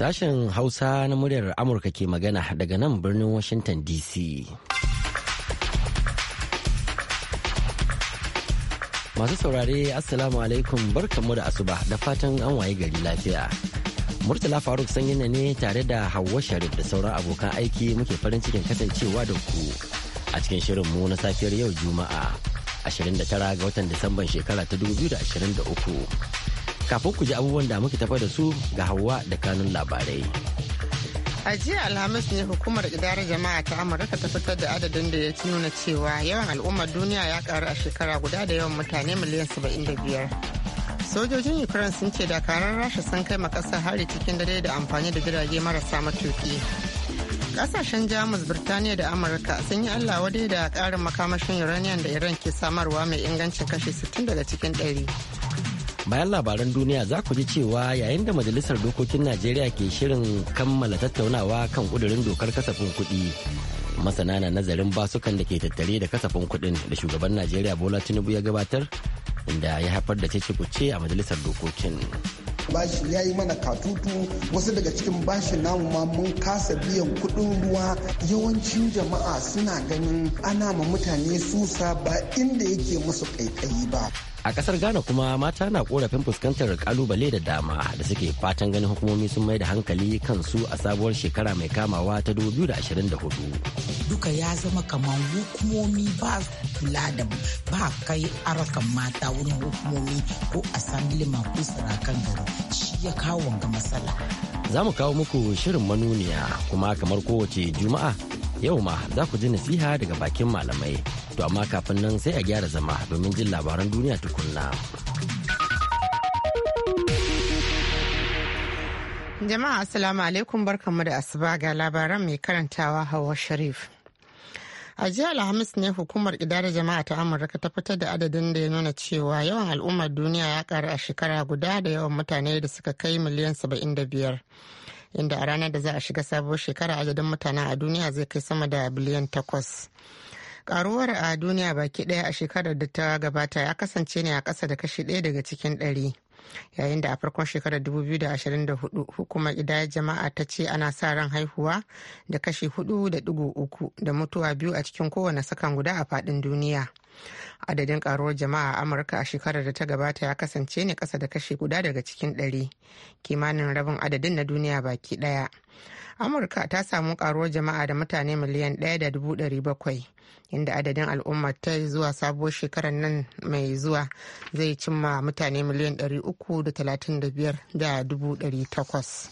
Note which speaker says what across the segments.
Speaker 1: Sashen Hausa na muryar Amurka ke magana daga nan birnin Washington DC. Masu saurare Assalamu alaikum barkanmu da asuba da fatan an waye gari lafiya. Murtala Faruk sanyina ne tare da Hauwa Sharif da sauran abokan aiki muke farin cikin kasancewa da ku a cikin shirin mu na safiyar yau Juma'a 29 ga watan Disamban shekara ta 2023. Kafin ku ji abubuwan da muke tafa da su ga Hauwa da kanun labarai.
Speaker 2: A jiya Alhamis ne hukumar idarar jama'a ta Amurka ta fitar da adadin da ya nuna cewa yawan al'ummar duniya ya karu a shekara guda da yawan mutane miliyan biyar. Sojojin Ukraine sun ce dakaran Rasha sun kai makasa hari cikin dare da amfani da jirage marasa matuki. Kasashen Jamus, Birtaniya da Amurka sun yi Allah wadai da karin makamashin uranium da Iran ke samarwa mai ingancin kashi 60 daga cikin ɗari
Speaker 1: bayan labaran duniya za ku ji cewa yayin da majalisar dokokin najeriya ke shirin kammala tattaunawa kan kudurin dokar kasafin kuɗi masana na nazarin basukan da ke tattare da kasafin kuɗin da shugaban najeriya bola tinubu ya gabatar inda ya haifar da cece a majalisar dokokin
Speaker 3: bashi ya yi mana katutu wasu daga cikin bashi namu ma mun kasa biyan kudin ruwa yawancin jama'a suna ganin ana ma mutane susa ba inda yake musu kaikayi ba
Speaker 1: a kasar ghana kuma mata na korafin fuskantar kalubale da dama da suke fatan ganin hukumomi sun mai da hankali kansu a sabuwar shekara mai kamawa ta 2024
Speaker 4: duka ya zama kamar hukumomi ba kula da ba kai arakan mata wurin hukumomi ko asambili ko sarakan gari shi ya kawo wanga matsala
Speaker 1: za mu kawo muku shirin manuniya kuma kamar kowace juma'a Yau ma za ku ji nasiha daga bakin malamai. To amma kafin nan sai a gyara zama domin jin labaran duniya tukunna.
Speaker 2: Jama'a Assalamu alaikum barkanmu da asuba ga labaran mai karantawa hawa Sharif. a jiya alhamis ne hukumar idara jama'a ta amurka ta fitar da adadin da ya nuna cewa yawan al'ummar duniya ya karu a shekara guda da yawan mutane da suka kai miliyan 75 inda a ranar da za a shiga sabuwar shekara adadin mutane a duniya zai kai sama da biliyan takwas karuwar a duniya baki daya a shekarar da ta gabata ya kasance ne a kasa da kashi ɗaya daga cikin ɗari yayin da a farkon shekarar 2024 hukumar idayar jama'a ta ce ana sa ran haihuwa da kashi 4.3 da mutuwa biyu a cikin kowane sakan guda a faɗin duniya adadin karuwar jama'a a amurka a shekarar da ta gabata ya kasance ne kasa da kashe guda daga cikin ɗari kimanin rabin adadin na duniya baki ɗaya amurka ta samu karuwar jama'a da mutane miliyan ɗaya da dubu ɗari bakwai inda adadin al'umma ta zuwa sabuwar shekarar nan mai zuwa zai cimma mutane miliyan ɗari uku da talatin da biyar da dubu ɗari takwas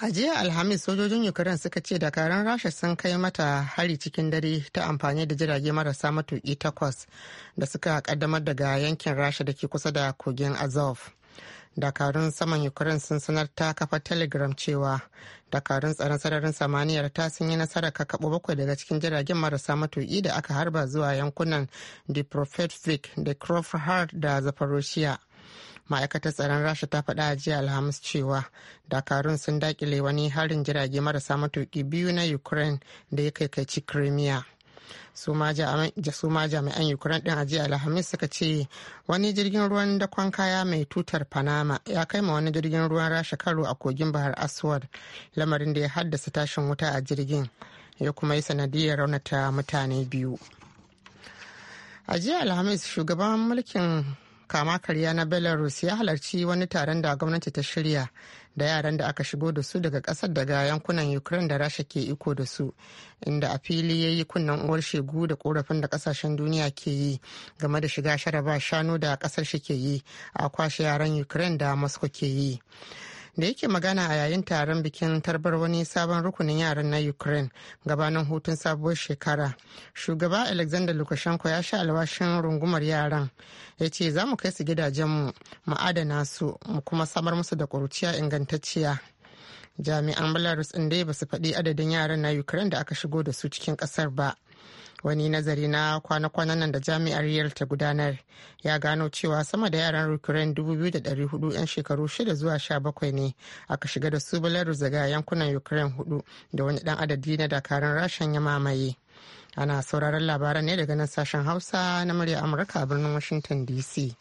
Speaker 2: a jiya alhamis sojojin ukraine suka ce dakarun rasha sun kai mata hari cikin dare ta amfani da jirage marasa matuki takwas da suka kaddamar daga yankin rasha da ke kusa da kogin azov dakarun saman ukraine sun sanar ta kafa telegram cewa dakarun tsaron sararin samaniyar ta sun yi nasara ka kakaɓo bakwai daga cikin jiragen marasa matuki da aka harba zuwa yankunan vic da crawford da zaporoshiya ma'aikatar tsaron rasha ta faɗa a jiya alhamis cewa dakarun sun dakile wani harin jirage marasa matuki biyu na ukraine da ya kaici crimea su ma jami'an ukraine din jiya alhamis suka ce wani jirgin ruwan dakon kaya mai tutar panama ya kai ma wani jirgin ruwan rasha karo a kogin bahar aswad lamarin da ya haddasa tashin wuta a jirgin ya kuma yi sanadiyar raunata mutane biyu a jiya alhamis shugaban mulkin kama karya na belarus ya halarci wani taron da gwamnati ta shirya da yaran da aka shigo da su daga kasar daga yankunan ukraine da rasha ke iko da su inda a fili ya yi kunnen uwar shegu da korafin da kasashen duniya ke yi game da shiga sharaba shanu da kasar shi ke yi a kwashe yaran ukraine da moscow ke yi da yake magana a yayin taron bikin tarbar wani sabon rukunin yaran na ukraine gabanin hutun sabuwar shekara shugaba alexander lukashenko ya sha alwashin rungumar yaran ya ce za mu kai su gidajenmu mu adana su mu kuma samar musu da ƙuruciya ingantacciya jami'an belarus in dai ba su faɗi adadin yaran na ukraine da aka shigo da su cikin ƙasar ba wani nazari na kwana-kwanan nan da jami'ar yale ta gudanar ya gano cewa sama da yaran ukraine dubu biyu da hudu 'yan shekaru shida zuwa sha bakwai ne aka shiga da su belarus zaga yankunan ukraine hudu da wani dan adadi na dakarun rashin ya mamaye ana sauraron labaran ne daga nan sashen hausa na murya amurka a birnin washington dc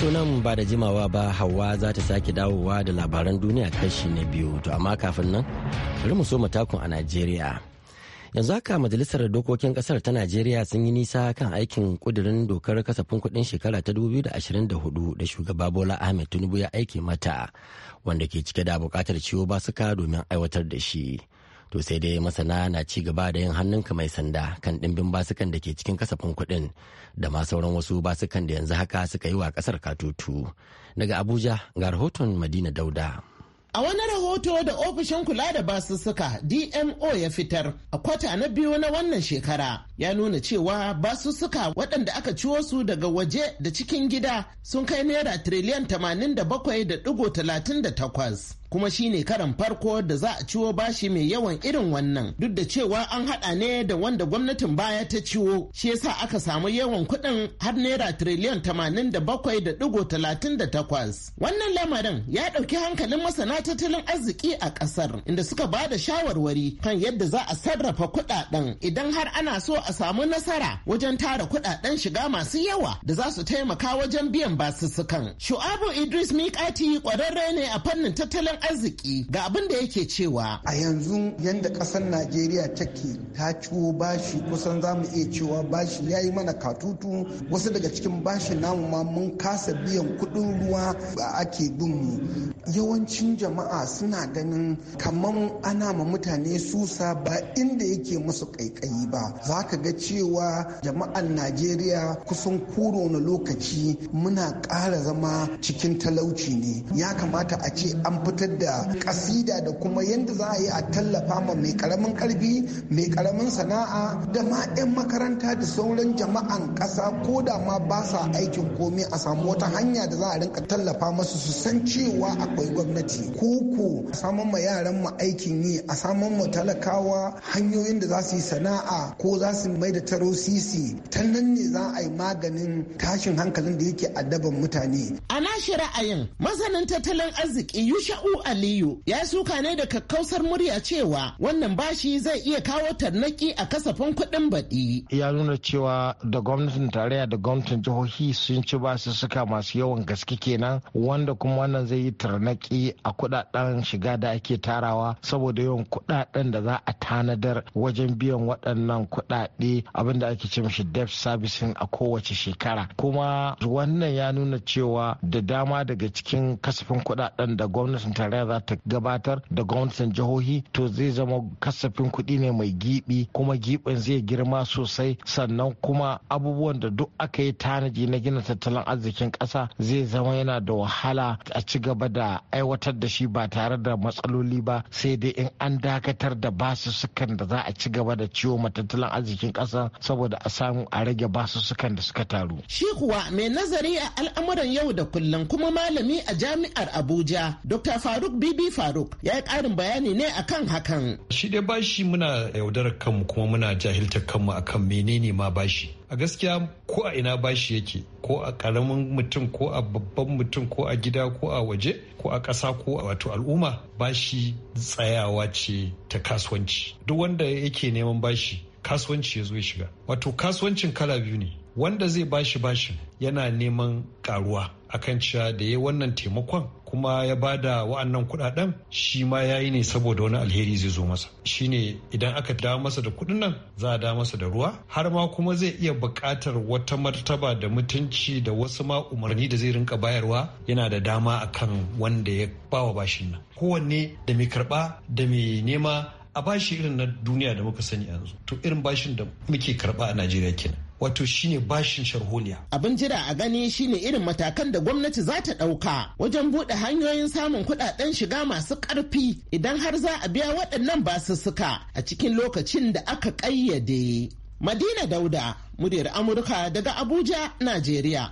Speaker 1: tunan ba da jimawa ba hawa za ta sake dawowa da labaran duniya kashi na biyu to amma kafin nan bari mu so matakun a najeriya yanzu haka majalisar dokokin kasar ta najeriya sun yi nisa kan aikin kudirin dokar kasafin kudin shekara ta 2024 da shugaba bola ahmed tinubu ya aike mata wanda ke cike da bukatar ciwo basuka domin aiwatar da shi to sai dai masana na ci gaba da yin hannunka mai sanda kan dimbin basukan da ke cikin kasafin kuɗin da ma sauran wasu basukan da yanzu haka suka yi wa ƙasar katutu daga abuja ga rahoton madina dauda
Speaker 5: a wani rahoto da ofishin kula da basussuka DMO ya fitar a kwata na biyu na wannan shekara ya nuna cewa basussuka waɗanda aka ciwo su daga waje da cikin gida sun kai naira tiriliyan 87.38 kuma shi ne karan farko da za a ciwo bashi mai yawan irin wannan duk da cewa an haɗa ne da wanda gwamnatin baya ta ciwo shi yasa aka samu yawan kuɗin har naira tiriliyan 87.38 wannan lamarin ya ɗauki hankalin masana tattalin arziki a kasar inda suka ba da shawarwari kan yadda za a sarrafa kudaden idan har ana so a samu nasara wajen tara kudaden shiga masu yawa da za su taimaka wajen biyan basussukan. Shu'abu Idris Mikati kwararre ne a fannin tattalin arziki ga abin da yake cewa. A yanzu yadda kasar Najeriya take ta ciwo
Speaker 3: bashi kusan za mu iya cewa bashi ya yi mana katutu wasu daga cikin bashi namu ma mun kasa biyan kudin ruwa ake bin mu yawancin jama'a suna ganin kamar ana ma mutane susa ba inda yake musu kaikayi ba za ka ga cewa jama'an najeriya kusan kuro na lokaci muna ƙara zama cikin talauci ne ya kamata a ce an fitar da kasida da kuma yadda za a yi a tallafa ma mai ƙaramin ƙarfi mai ƙaramin sana'a da ma 'yan makaranta da sauran jama'an ƙasa ko da ma ba sa aikin komai a samu wata hanya da za a rinka tallafa masu su san cewa a akwai gwamnati kuku samun ma yaran mu aikin yi a saman mu talakawa hanyoyin da za su yi sana'a ko za su mai da taro sisi ta nan ne za a yi maganin tashin hankalin da yake addaban mutane.
Speaker 5: A nashi ra'ayin masanin tattalin arziki Yusha'u Aliyu ya suka ne da kakkausar murya cewa wannan bashi zai iya kawo tarnaki a kasafin
Speaker 6: kuɗin baɗi. Ya nuna cewa da gwamnatin tarayya da gwamnatin jihohi sun ci basu suka masu yawan gaske kenan wanda kuma wannan zai yi tarnaki naƙi a kudaden shiga da ake tarawa saboda yawan kudaden da za a tanadar wajen biyan waɗannan kudade abinda ake ce mishi debt servicing a kowace shekara kuma wannan ya nuna cewa da dama daga cikin kasafin kudaden da gwamnatin tarayya za ta gabatar da gwamnatin jihohi to zai zama kasafin kuɗi ne mai gibi kuma giɓin zai girma sosai sannan kuma abubuwan da duk aka yi tanadi na gina tattalin arzikin ƙasa zai zama yana da wahala a ci gaba da aiwatar da shi ba tare da matsaloli ba sai dai in an dakatar da basussukan da za a ci gaba da ciwo matattalin arzikin ƙasa saboda a samu a rage basussukan da suka taru.
Speaker 5: Shi kuwa mai nazari a al'amuran yau da kullum kuma malami a jami'ar Abuja Dr. Faruk Bibi Faruk ya yi ƙarin bayani ne akan hakan.
Speaker 7: Shi dai bashi muna yaudarar kanmu kuma muna jahiltar kanmu akan menene ma bashi. a gaskiya ko a ina bashi yake ko a karamin mutum ko a babban mutum ko a gida ko a waje ko a ƙasa ko a wato al'umma bashi tsayawa ce ta kasuwanci duk wanda yake neman bashi kasuwanci ya zo ya shiga wato kasuwancin kala biyu ne wanda zai bashi bashin yana neman karuwa akan cewa da ya wannan taimakon kuma ya ba da wa'annan kudaden shi ma ya yi ne saboda wani alheri zai zo masa shine idan aka dawo masa da kudin nan za a dawo masa da ruwa har ma kuma zai iya bukatar wata martaba da mutunci da wasu ma umarni da zai rinka bayarwa yana da dama akan wanda ya bawa bashin nan kowanne da mai karba da mai nema a bashi irin na duniya da muka sani yanzu to irin bashin da muke karba a najeriya kenan wato shine bashin sharholiya.
Speaker 5: Abin jira a gani shine irin matakan da gwamnati za ta ɗauka wajen buɗe hanyoyin samun kuɗaɗen shiga masu ƙarfi idan har za a biya waɗannan basussuka a cikin lokacin da aka ƙayyade. Madina Dauda, muryar Amurka daga Abuja, Najeriya.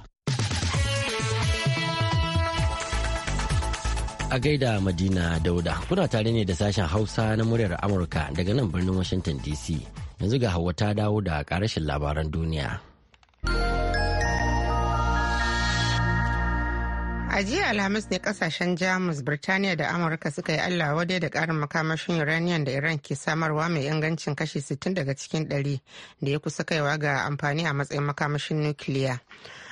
Speaker 1: A gaida Madina Dauda, kuna tare ne da sashen Hausa na muryar Amurka daga nan birnin Washington DC. yanzu ga hawa ta dawo da karashin labaran duniya
Speaker 2: a jiya alhamis ne kasashen jamus birtaniya da amurka suka yi allah wadai da karin makamashin uranium da iran ke samarwa mai ingancin kashi 60 daga cikin 100 da ya kusa kaiwa ga amfani a matsayin makamashin nukiliya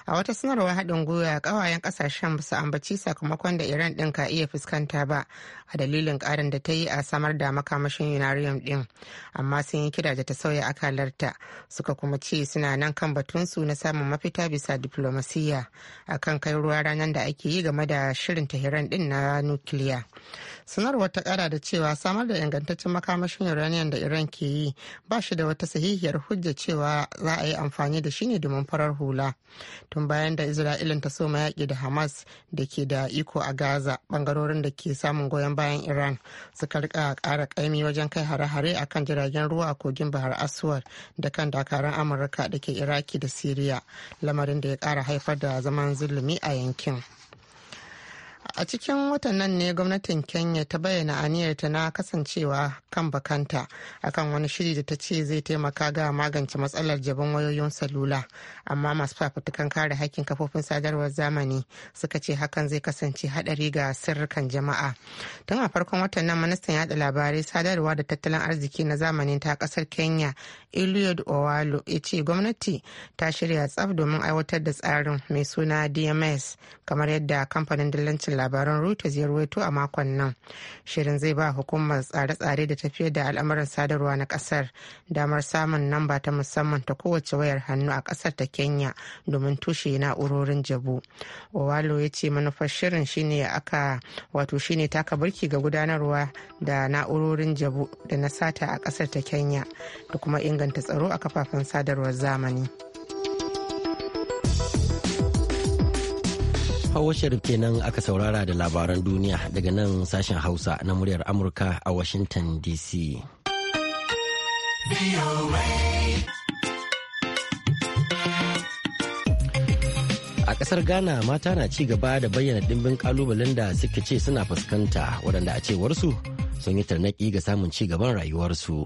Speaker 2: a wata sanarwar haɗin gwiwa ƙawayen ƙasashen su ambaci sakamakon da iran ɗin ka iya fuskanta ba a dalilin ƙarin da ta yi a samar da makamashin uranium ɗin amma sun yi kira da ta sauya akalarta suka kuma ce suna nan kan batunsu na samun mafita bisa diflomasiyya a kan kai ruwa ranar da ake yi game da shirin tahiran ɗin na nukiliya sanarwar ta kara da cewa samar da ingantaccen makamashin uranium da iran ke yi ba shi da wata sahihiyar hujja cewa za a yi amfani da shi ne domin farar hula tun bayan da isra'ilin ta soma yaƙi da hamas da ke da iko a gaza ɓangarorin da ke samun goyon bayan iran suka rika ƙara ƙaimi wajen kai hare-hare a kan jiragen ruwa a kogin bahar aswad da kan dakaran amurka da ke iraki da siriya lamarin da ya ƙara haifar da zaman zulumi a yankin. a cikin watan nan ne gwamnatin kenya ta bayyana aniyarta na kasancewa kan bakanta akan wani shiri da ta ce zai taimaka ga magance matsalar jabin wayoyin salula amma masu fafutukan kare hakkin kafofin sadarwar zamani suka ce hakan zai kasance hadari ga sirrikan jama'a tun a farkon watannan, nan ministan yada labarai sadarwa da tattalin arziki na zamanin ta kasar kenya eliud owalo ya ce gwamnati ta shirya tsaf domin aiwatar da tsarin mai suna dms kamar yadda kamfanin dillancin kamfanin labaran Reuters ya ruwaito a makon nan. Shirin zai ba hukumar tsare-tsare da tafiyar da al'amuran sadarwa na kasar damar samun namba ta musamman ta kowace wayar hannu a kasar ta Kenya domin tushe na'urorin jabu. Owalo ya ce manufar shirin shine aka wato shine taka burki ga gudanarwa da na'urorin jabu da na sata a kasar ta Kenya da kuma inganta tsaro a kafafen sadarwar zamani.
Speaker 1: Hawa Sharif kenan aka saurara da labaran duniya daga nan sashen Hausa na muryar Amurka a Washington DC. A ƙasar Ghana mata na ci gaba da bayyana dimbin ƙalubalen da suke ce suna fuskanta waɗanda a cewarsu sun yi tarnaki ga samun ci gaban rayuwarsu.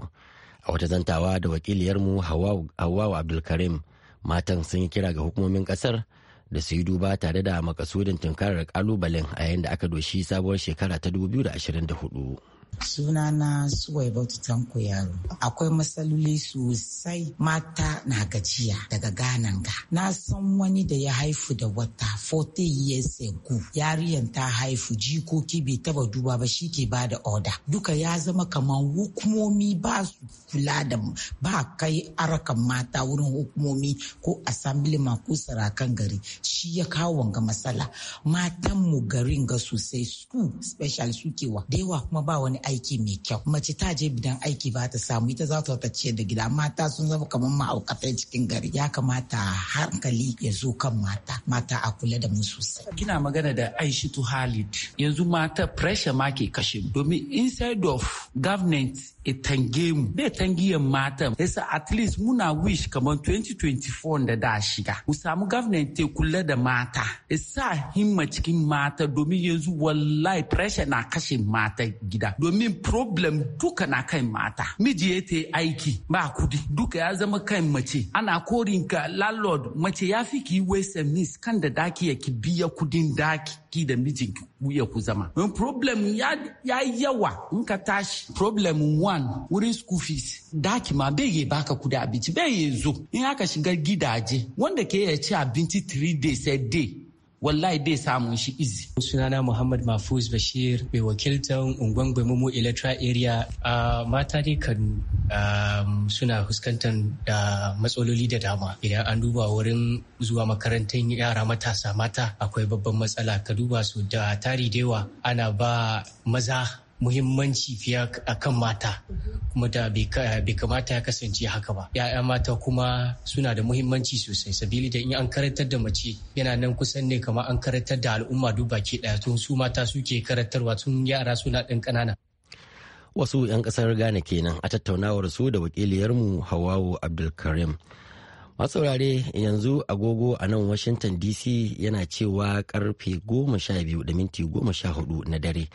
Speaker 1: A wata zantawa da wakiliyarmu Hawawu Abdulkarim matan sun yi kira ga hukumomin ƙasar da su yi duba tare da makasudin tunkarar kalubalen a yayin da aka doshi sabuwar shekara ta 2024
Speaker 4: Suna na suwai tanko yaro. Akwai matsaloli sosai mata na gajiya daga ga. Na san wani da ya haifu da wata 40 years ago. Yariyan ta haifu jikoki bai taba duba ba shi ke ba da oda. Duka ya zama kamar hukumomi ba su kula da ba kai arakan mata wurin hukumomi ko asambili ko sarakan gari. Shi ya kawo wanga matsala. Matan mu garin ga sosai su special wa. Da yawa kuma ba wani wani aiki mai kyau mace ta je bidan aiki ba ta samu ita za ta ce da gida mata sun zama kamar ma'aukatai cikin gari ya kamata hankali ya zo kan mata mata a kula da mu sosai
Speaker 8: kina magana da Aishatu Halid yanzu mata pressure ma ke kashe domin inside of government ya e tange mu bai tangiyan mata yasa at least muna wish kamar 2024 da da shiga mu samu government ta kula da mata yasa himma cikin mata domin yanzu wallahi pressure na kashe mata gida domin problem duka na kan mata miji ya ta aiki ba kudi duka ya zama kan mace ana korin ka landlord mace ya fi ki waste miss kan da daki ya ki biya kudin daki ki da mijin ya ku zama problem ya yawa in ka tashi problem one wurin school fees daki ma bai ya baka kudi abinci bai ya zo in aka shiga gidaje wanda ke ya ci abinci 3 days a day
Speaker 1: wallahi dai samun shi izi. Sunana Muhammad Mafuz Bashir mai wakiltan Ungwan Gwamumu electoral Area a mata dai Kano um, suna fuskantar da matsaloli da dama. Idan an duba wurin zuwa makarantar yara matasa mata akwai babban matsala ka duba su da tari da yawa ana ba maza muhimmanci fiye a kan mata kuma da bai kamata ya kasance haka ba ya'ya mata kuma suna da muhimmanci sosai sabili da in an karatar da mace yana nan kusan ne kamar an karantar da al'umma duk baki daya tun su mata suke karantarwa tun yara suna ɗan ƙanana wasu 'yan ƙasar ghana kenan a tattaunawar su da wakiliyarmu hawawu abdulkarim masaurare yanzu agogo a nan washington dc yana cewa karfe goma sha biyu da minti goma sha hudu na dare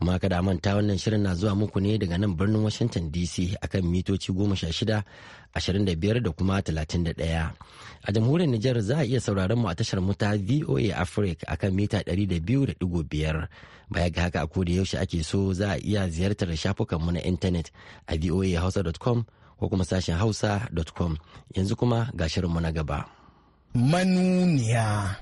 Speaker 1: Kuma kada manta wannan shirin na zuwa muku ne daga nan birnin Washington DC akan mitoci goma sha shida, ashirin da biyar da kuma talatin da ɗaya. A jamhuriyar Nijar za a iya sauraron mu a tashar muta VOA Africa akan mita ɗari da biyu da Baya ga haka a koda yaushe ake so za a iya ziyartar mu na intanet a voahausa.com ko kuma sashen hausa.com yanzu kuma ga mu na gaba.
Speaker 9: Manuniya.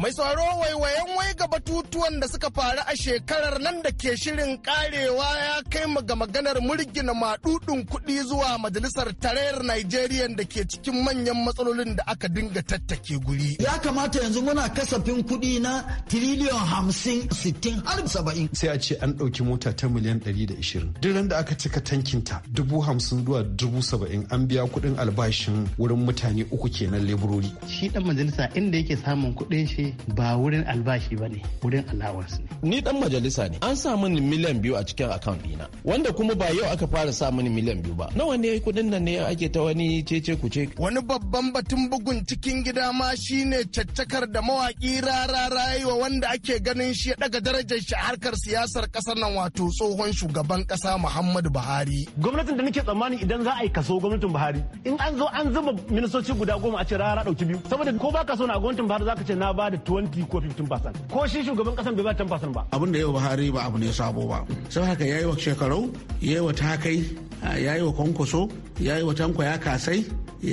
Speaker 9: Mai sauraro waiwayen duka batutuwan da suka faru a shekarar nan da ke shirin karewa ya kai mu ga maganar murgina maɗuɗin kuɗi zuwa majalisar tarayyar Najeriya da ke cikin manyan matsalolin da aka dinga tattake guri.
Speaker 7: Ya kamata yanzu muna kasafin kuɗi na tiriliyon hamsin sittin har saba'in. Sai a ce an ɗauki mota ta miliyan ɗari da ishirin. Duk da aka cika tankin ta dubu hamsin zuwa dubu saba'in an biya kuɗin albashin wurin mutane uku kenan leburori. Shi ɗan majalisa inda yake samun kuɗin shi ba wurin albashi ba ne
Speaker 9: wurin allowance
Speaker 8: ne ni dan majalisa ne an sa mini miliyan biyu a cikin account dina wanda kuma ba yau aka fara sa mini miliyan biyu ba
Speaker 9: nawa ne kudin nan ne ake ta wani cece ce. wani babban batun bugun cikin gida ma shine caccakar da mawaki rara rayuwa wanda ake ganin shi ya daga darajar shi a harkar siyasar kasar nan wato tsohon shugaban kasa Muhammadu Buhari gwamnatin da nake tsammani idan za a yi kaso gwamnatin Buhari in an zo an zuba ministoci
Speaker 8: guda goma a ce rara dauki biyu saboda ko ba ka so na gwamnatin Buhari zaka ce na ba da 20 ko 15% ko shi
Speaker 10: shugaban kasan bai ba can fasan ba abin da yau buhari ba abu ne sabo ba sai haka yayi wa shekarau yayi wa takai yayi wa kwankwaso yayi wa tanko ya kasai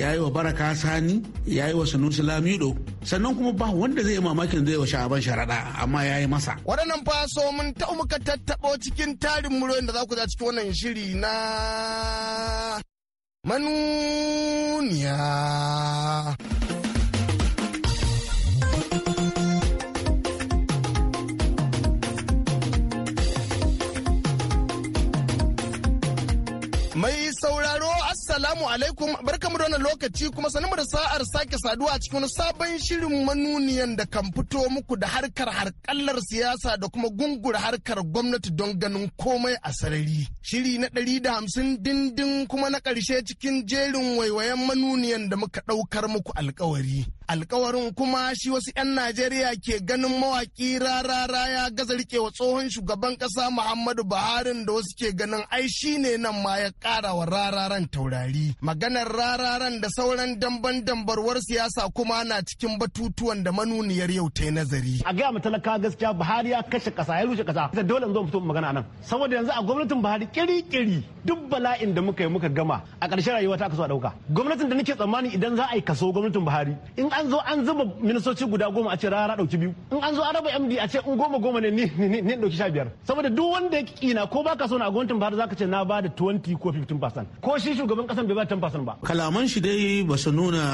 Speaker 10: yayi wa baraka sani yayi wa sunusi lamido sannan kuma ba wanda zai yi mamakin zai wa sha'aban sharaɗa amma yayi masa
Speaker 9: waɗannan faso mun ta muka tattaɓo cikin tarin muryoyin da za ku za cikin wannan shiri na manuniya Mai sauraro Assalamu alaikum barkamu da wannan lokaci kuma sanin da sa'ar sake saduwa a cikin sabon shirin manuniyan da kan fito muku da harkar harkallar siyasa da kuma gungur harkar gwamnati don ganin komai a sarari. Shiri na ɗari da hamsin dindin kuma na ƙarshe cikin jerin waiwayen manuniyan da muka ɗaukar muku alkawari. alkawarin kuma shi wasu 'yan najeriya ke ganin mawaki rarara ya gaza wa tsohon shugaban kasa muhammadu buhari da wasu ke ganin ai shi ne nan ma ya kara wa rararan taurari maganar rararan da sauran damban dambarwar siyasa kuma na cikin batutuwan da manuniyar yau ta nazari a gaya mu talaka gaskiya buhari ya kashe kasa ya rushe kasa dole in zo fito magana nan saboda yanzu a gwamnatin buhari kiri kiri
Speaker 8: duk bala'in da muka yi muka gama a ƙarshen rayuwa ta kaso so a ɗauka gwamnatin da nake tsammani idan za a yi kaso gwamnatin buhari in an zo an zuba ministoci guda goma a ce rara ɗauki biyu in an zo an raba md a ce in goma goma ne ne ɗauki sha biyar saboda duk wanda ya kina ko ba ka na a gwamnatin buhari za ka ce na ba da 20 ko 15 ko shi shugaban ƙasan bai ba 10 ba.
Speaker 10: kalaman shi dai ba su nuna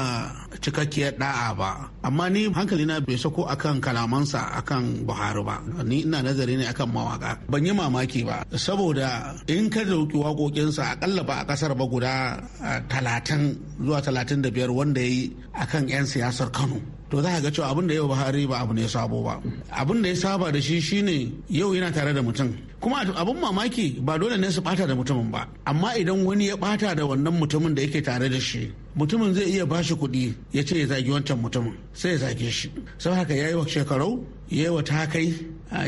Speaker 10: cikakkiyar da'a ba amma ni na bai sako akan kalamansa akan buhari ba ni ina nazari ne akan mawaka ban yi mamaki ba saboda in ka dauki wako a akalla ba a kasar ba guda talatin zuwa talatin da biyar wanda ya yi a kan 'yan siyasar kano to za a ga cewa abin da yau buhari ba abu ne sabo ba abin da ya saba da shi shine yau yana tare da mutum kuma abin mamaki ba dole ne su bata da mutumin ba amma idan wani ya bata da wannan mutumin da yake tare da shi mutumin zai iya bashi kuɗi ya ce ya zagi wancan mutumin sai ya zage shi sau haka ya yi wa shekarau ya yi wa takai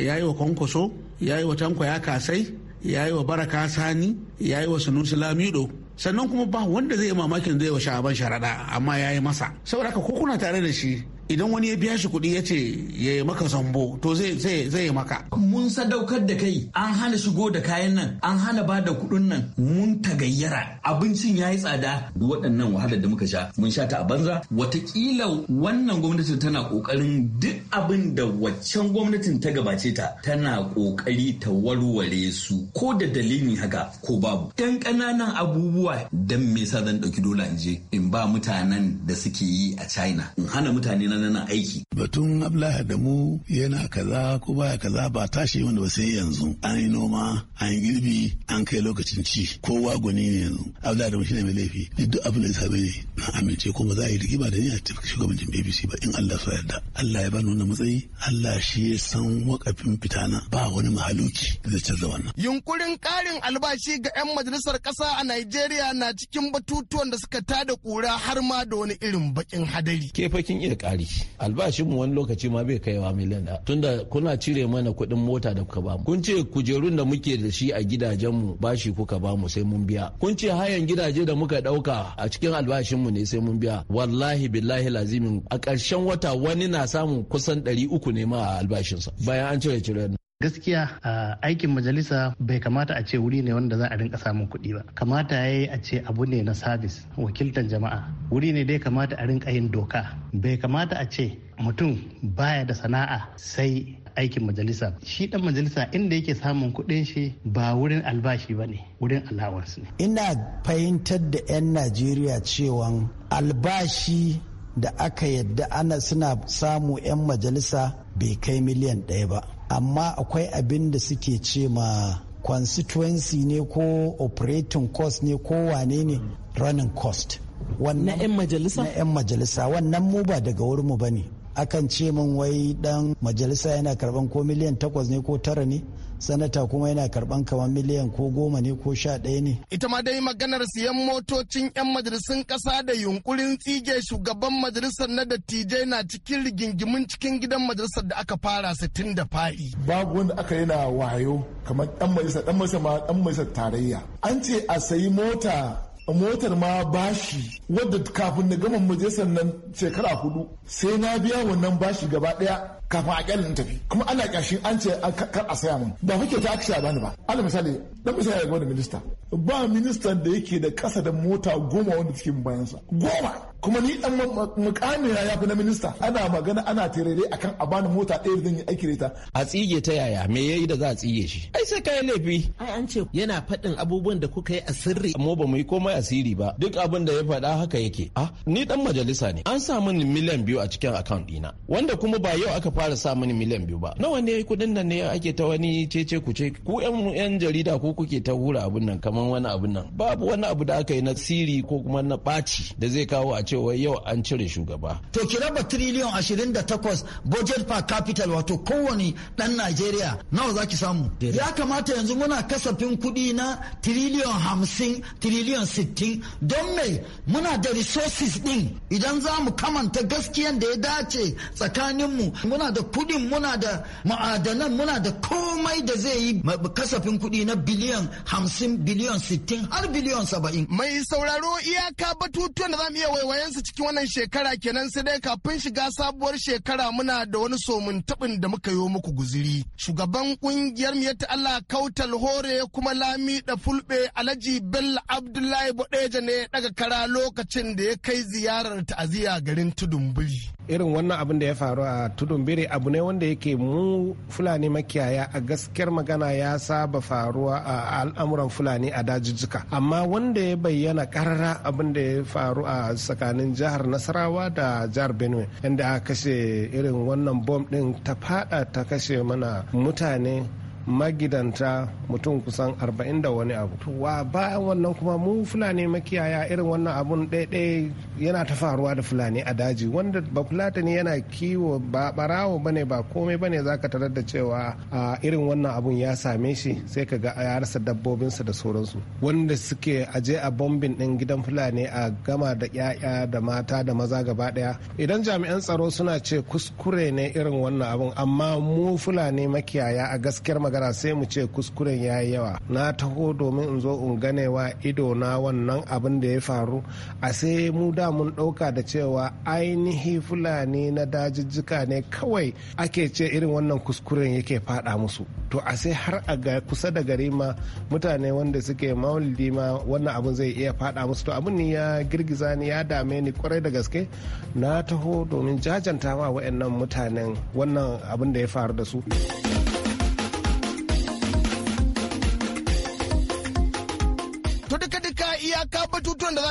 Speaker 10: ya yi wa kwankwaso ya yi wa tanko ya kasai ya yi wa baraka sani ya yi wa Sanusi lamido sannan kuma ba wanda zai yi mamakin zai wa sha'aban sharaɗa amma ya yi masa saboda haka ko kuna tare da shi idan wani ya biya shi kuɗi ya ce ya yi maka zambo to
Speaker 11: zai yi maka. Mun sadaukar da kai an hana shigo da kayan nan an hana ba da kuɗin nan mun tagayyara abincin ya yi tsada waɗannan wahalar da muka sha mun sha ta a banza watakila wannan gwamnatin tana ƙoƙarin duk abin da waccan gwamnatin ta gabace ta tana ƙoƙari ta warware su ko da dalili haka ko babu. Dan ƙananan abubuwa dan me yasa zan ɗauki dola in je in ba mutanen da suke
Speaker 8: yi a China in hana mutane na na aiki.
Speaker 10: Batun Abdullahi mu yana kaza ko baya kaza ba tashi wanda ba sai yanzu an yi noma an yi girbi an kai lokacin ci kowa gwani ne yanzu Abdullahi Adamu ne mai laifi duk abin da ya same ne na amince kuma za a yi rigima da ni a shugabancin BBC ba in Allah so yarda Allah ya bani wannan matsayi Allah shi ya san wakafin fitana ba wani mahaluki da canza wannan.
Speaker 9: Yunkurin ƙarin albashi ga 'yan majalisar ƙasa a Najeriya na cikin batutuwan da suka tada kura har ma da wani irin
Speaker 8: baƙin hadari. Ke fakin iya ƙari. aiki albashinmu wani lokaci ma bai kaiwa miliyan ɗaya tunda kuna cire mana kuɗin mota da kuka bamu kun ce kujerun da muke da shi a gidajenmu bashi kuka bamu sai mun biya kun ce hayan gidaje da muka ɗauka a cikin albashinmu ne sai mun biya wallahi billahi lazimin a ƙarshen wata wani na samun kusan ɗari uku ne ma a albashinsa
Speaker 9: bayan an cire cire gaskiya a aikin majalisa bai kamata a ce wuri ne wanda za a rinka samun kuɗi ba kamata ya yi a ce abu ne na sabis wakiltar jama'a wuri ne dai kamata a rinka yin doka bai kamata a ce mutum baya da sana'a sai aikin majalisa shi dan majalisa inda yake samun kuɗin shi ba wurin albashi ba ne wurin
Speaker 10: allowance ne
Speaker 6: ina fahimtar da 'yan najeriya cewa albashi da aka yadda ana suna samu 'yan majalisa bai kai miliyan ɗaya ba amma akwai abin da suke ce ma constituency ne ko operating cost ne ko wane ne running cost na 'yan majalisa na 'yan majalisa wannan mu ba daga wurinmu ba ne akan ce min wai dan majalisa yana karban ko miliyan takwas ne ko tara ne sanata kuma yana karban kamar miliyan ko goma ne ko sha ɗaya ne.
Speaker 9: ita ma dai maganar siyan motocin 'yan majalisun kasa da yunkurin tsige shugaban majalisar na dattijai na cikin rigingimin cikin gidan majalisar da aka fara sittin da
Speaker 5: fa'i. babu wanda aka yi na wayo kamar ɗan majalisar ɗan majalisar ma ɗan majalisar tarayya an ce a sayi mota motar ma bashi wadda kafin na gama majalisar nan shekara hudu sai na biya wannan bashi gaba daya kafin a kyalin tafi kuma ana kyashin an ce kar a saya mun ba kuke ta a bani ba ala misali dan misali ga wani minista ba ministan da yake da kasa da mota goma wanda cikin bayansa goma kuma ni dan mukamira ya fi na minista ana magana ana tirere akan a bani mota ɗaya zan yi aiki da ita a tsige ta yaya me yayi da za a tsige shi ai sai kai laifi ai an ce yana faɗin abubuwan da
Speaker 8: kuka yi a sirri mu ba mu yi komai asiri ba duk abin da ya faɗa haka yake ah ni dan majalisa ne an sa mini miliyan biyu a cikin account ɗina wanda kuma ba yau aka fara sa mini miliyan biyu ba nawa ne kuɗin nan ne ake ta wani cece ce ku yan yan jarida ko kuke ta hura abun nan kamar wani abun nan babu wani abu da aka yi na siri ko kuma na ɓaci da zai kawo a ce cewa yau an cire shugaba.
Speaker 6: To ki raba triliyon 28 budget per capital wato kowane dan Najeriya nawa zaki samu. Ya kamata yanzu muna kasafin kuɗi na triliyon 50 triliyon 60 don mai muna da resources din idan za mu kamanta gaskiyan da ya dace tsakaninmu muna da kuɗin muna da ma'adanan muna da komai da zai yi kasafin kuɗi na biliyan 50 biliyan 60 har biliyan 70. Mai sauraro
Speaker 9: iyaka batutuwan da za mu iya waiwaya bayansu cikin wannan shekara kenan sai dai kafin shiga sabuwar shekara muna da wani somin tabin da muka yi muku guziri. Shugaban kungiyar miyata Allah Kautal Hore kuma Lami da Fulbe Alhaji Bello Abdullahi Bodeja ne daga kara lokacin da ya kai ziyarar ta'aziyya garin Tudunbiri.
Speaker 12: Irin wannan abin da ya faru a Tudunbiri abu ne wanda yake mu Fulani makiyaya a gaskiyar magana ya saba faruwa a al'amuran Fulani a dajijjika. Amma wanda ya bayyana karara abin da ya faru a saka. tsakanin jihar nasarawa da jihar benue inda aka kashe irin wannan bom din ta fada ta kashe mana mutane magidanta mutum kusan arba'in da wani abu wa bayan wannan kuma mu fulani makiyaya irin wannan abun ɗaiɗai yana ta faruwa da fulani a daji wanda ba ne yana kiwo ba barawo bane ba komai bane ka tarar da cewa a irin wannan abun ya same shi sai ka ga ya rasa dabbobinsa da sauransu wanda suke aje a bombin ɗin gidan fulani a gama da 'ya'ya da mata da maza gaba ɗaya idan jami'an tsaro suna ce kuskure ne irin wannan abun amma mu fulani makiyaya a gaskiyar magana gagara sai mu ce kuskuren ya yi yawa na taho domin in zo in ganewa ido na wannan abin da ya faru a sai mu da mun ɗauka da cewa ainihi fulani na dajijjika ne kawai ake ce irin wannan kuskuren yake faɗa musu to a sai har a ga kusa da gari ma mutane wanda suke maulidi ma wannan abin zai iya faɗa musu to abin ne ya girgiza ni ya dame ni kwarai da gaske na taho domin jajanta wa waɗannan mutanen wannan abin da ya faru da su.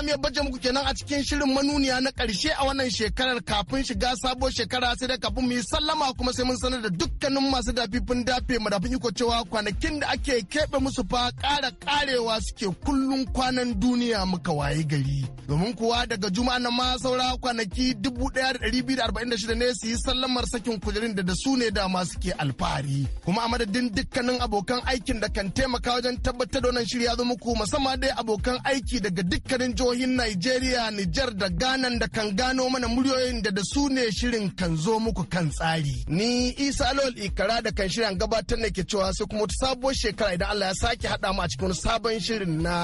Speaker 9: mu ya baje muku kenan a cikin shirin manuniya na karshe a wannan shekarar kafin shiga sabuwar shekara sai da kafin mu yi sallama kuma sai mun sanar da dukkanin masu dafifin dafe mu dafin iko cewa kwanakin da ake keɓe musu fa ƙara ƙarewa suke kullum kwanan duniya muka waye gari. Domin kuwa daga juma'a na ma saura kwanaki 1246 ne su yi sallamar sakin kujerin da da su ne da masu ke alfahari. Kuma a madadin dukkanin abokan aikin da kan taimaka wajen tabbatar da wannan shirya zo muku musamman dai abokan aiki daga dukkanin jihohi jihohin najeriya Nijar da Ghana da kan gano mana muryoyin da da su ne shirin kan zo muku kan tsari. Ni Isa Alol Ikara da kan shirin gabatar ne ke cewa sai kuma wata sabuwar shekara idan Allah ya sake haɗa mu a cikin sabon shirin na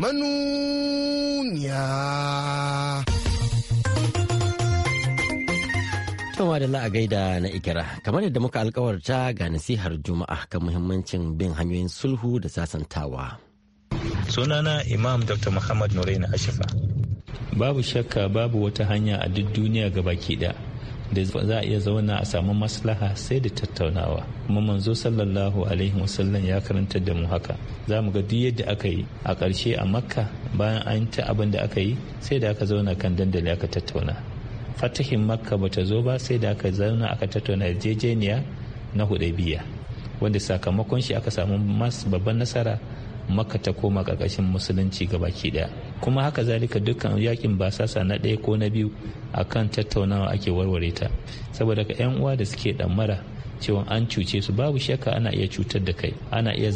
Speaker 1: manuniya. Kama da la'a gaida na ikira, kamar yadda muka alkawarta ga nasihar Juma'a kan muhimmancin bin hanyoyin sulhu da
Speaker 11: sasantawa. sunana imam dr muhammad nurain ashifa babu shakka babu wata hanya a duk duniya ga baki da da za a iya zauna a samu maslaha sai da tattaunawa kuma manzo sallallahu alaihi wasallam ya karanta da mu haka za mu ga duk yadda aka yi a ƙarshe a makka bayan an ta abin da aka yi sai da aka zauna kan dandali aka tattauna fatahin makka bata zo ba sai da aka zauna aka tattauna yarjejeniya na hudaibiya wanda sakamakon shi aka samu mas babban nasara makata ta koma karkashin musulunci baki daya kuma haka zalika dukkan yakin basasa na ɗaya ko na biyu a kan tattaunawa ake warware ta saboda ka yan uwa da suke ɗammara cewa an cuce su babu shakka ana iya cutar da kai ana iya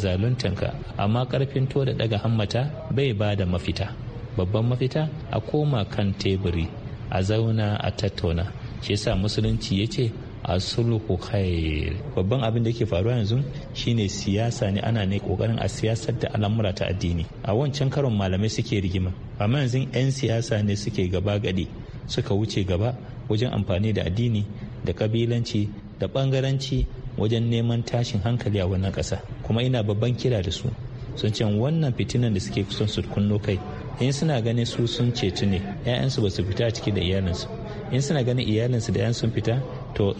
Speaker 11: ka amma karfin to da ɗaga hammata bai ba da mafita babban mafita a koma kan teburi a zauna a tattauna shi yasa musulunci ya ce a sulhu khair babban abin da yake faruwa yanzu shine siyasa ne ana ne kokarin a siyasar da al'amura ta addini a wancan karon malamai suke rigima amma yanzu 'yan siyasa ne suke gaba gadi suka wuce gaba wajen amfani da addini da kabilanci da bangaranci wajen neman tashin hankali a wannan kasa kuma ina babban kira da su sun ce wannan fitinan da suke kusan su kunno kai in suna ganin su sun cetu ne 'ya'yansu ba su fita ciki da iyalinsu in suna ganin iyalinsu da 'yan sun fita to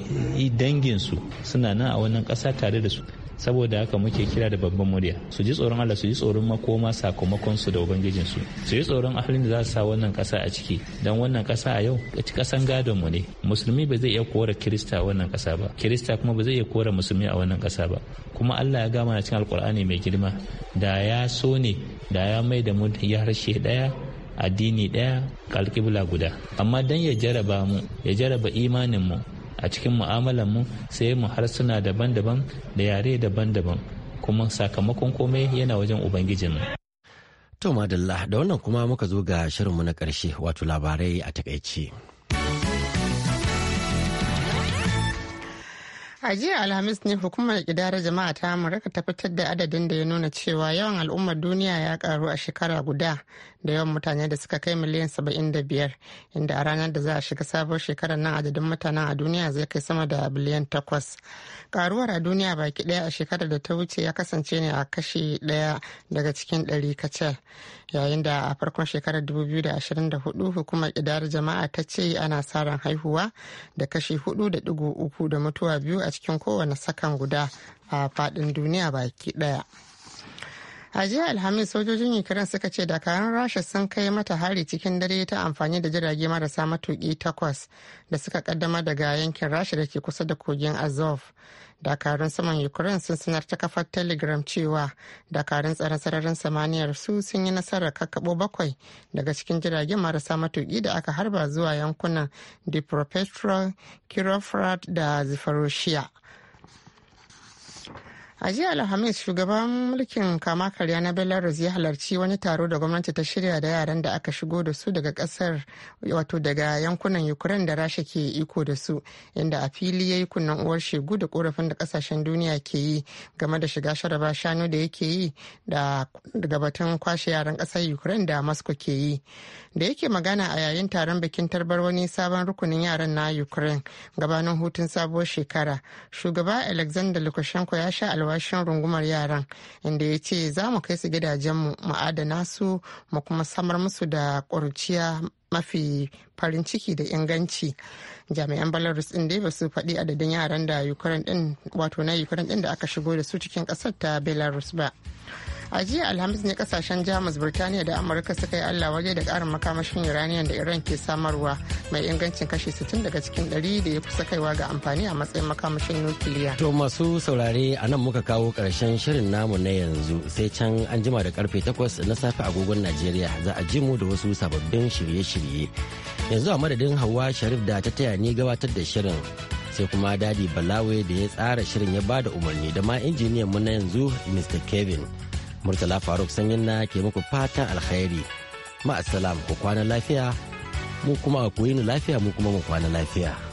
Speaker 11: danginsu suna nan a wannan ƙasa tare da su saboda haka muke kira da babban murya su ji tsoron Allah su ji tsoron makoma sakamakon su da ubangijin su su ji tsoron ahalin da za su sa wannan kasa a ciki dan wannan kasa a yau kasan gadon mu ne musulmi ba zai iya kora kirista a wannan kasa ba kirista kuma ba zai iya kora musulmi a wannan kasa ba kuma Allah ya gama na cikin alkur'ani mai girma da ya so ne da ya mai da mu ya harshe daya addini daya kalkibla guda amma dan ya jaraba mu ya jaraba imanin mu a cikin mu'amalanmu mu sai mu harsuna daban-daban da yare daban-daban kuma sakamakon komai yana wajen ubangijin. to madalla da wannan kuma muka zo ga shirinmu na ƙarshe wato
Speaker 1: labarai a takaice.
Speaker 2: a jiya alhamis ne hukumar kidara jama'a ta amurka ta fitar da adadin da ya nuna cewa yawan al'ummar duniya ya karu a shekara guda da yawan mutane da suka kai miliyan 75 inda a ranar da za a shiga sabuwar shekarar nan adadin mutanen a duniya zai kai sama da biliyan 8 karuwar a duniya baki daya a shekarar da ta wuce ya kasance ne a kashi daya daga cikin ɗari kacal yayin da a farkon shekarar 2024 hukumar kidara jama'a ta ce ana sa haihuwa da kashi 4.3 da mutuwa biyu a cikin kowane sakan guda a fadin duniya baki ɗaya. a jiya alhamis sojojin ukraine suka ce dakarun rasha sun kai mata hari cikin dare ta amfani da jirage marasa matuki takwas da suka kaddama daga yankin rasha da ke kusa da kogin azov dakarun saman ukraine sun sanar ta kafar telegram cewa dakarun tsare sararin samaniyar su sun yi nasarar kakkaɓo bakwai daga cikin jiragen marasa matuƙi da aka harba zuwa yankunan dipropetro kirofrat da zafaroshiya a jiya alhamis shugaban mulkin kama karya na belarus ya halarci wani taro da gwamnati ta shirya da yaran da aka shigo da su daga kasar wato daga yankunan ukraine da rasha ke iko da su inda a fili ya yi kunnen uwar shegu da korafin da kasashen duniya ke yi game da shiga sharaba shanu da yake yi daga batun kwashe yaran kasar ukraine da moscow ke yi da yake magana a yayin taron bikin tarbar wani sabon rukunin yaran na ukraine gabanin hutun sabuwar shekara shugaba alexander lukashenko ya sha alwa shan rungumar yaran inda ya ce za mu kai su gidajenmu mu adana su mu kuma samar musu da ƙuruciya mafi farin ciki da inganci jami'an belarus din dai ba su faɗi adadin yaran da ukraine din wato na ukraine din da aka shigo da su cikin ƙasar ta belarus ba a jiya alhamis ne kasashen jamus birtaniya da amurka suka yi allah waje da karin makamashin iraniyan da iran ke samarwa mai ingancin kashi 60 daga cikin 100 da ya kusa kaiwa ga amfani a matsayin makamashin nukiliya
Speaker 1: to masu saurare a nan muka kawo karshen shirin namu na yanzu sai can an jima da karfe 8 na safe agogon najeriya za a ji mu da wasu sababbin shirye-shirye yanzu a madadin hawa sharif da ta taya ni gabatar da shirin sai kuma dadi balawe da ya tsara shirin ya bada umarni da ma injiniyan mu na yanzu mr kevin Murtala Faruk sanyin na ke muku fatan alkhairi. Ma'asalam ku kwana lafiya, mu kuma ku yi lafiya mu kuma mu kwana lafiya.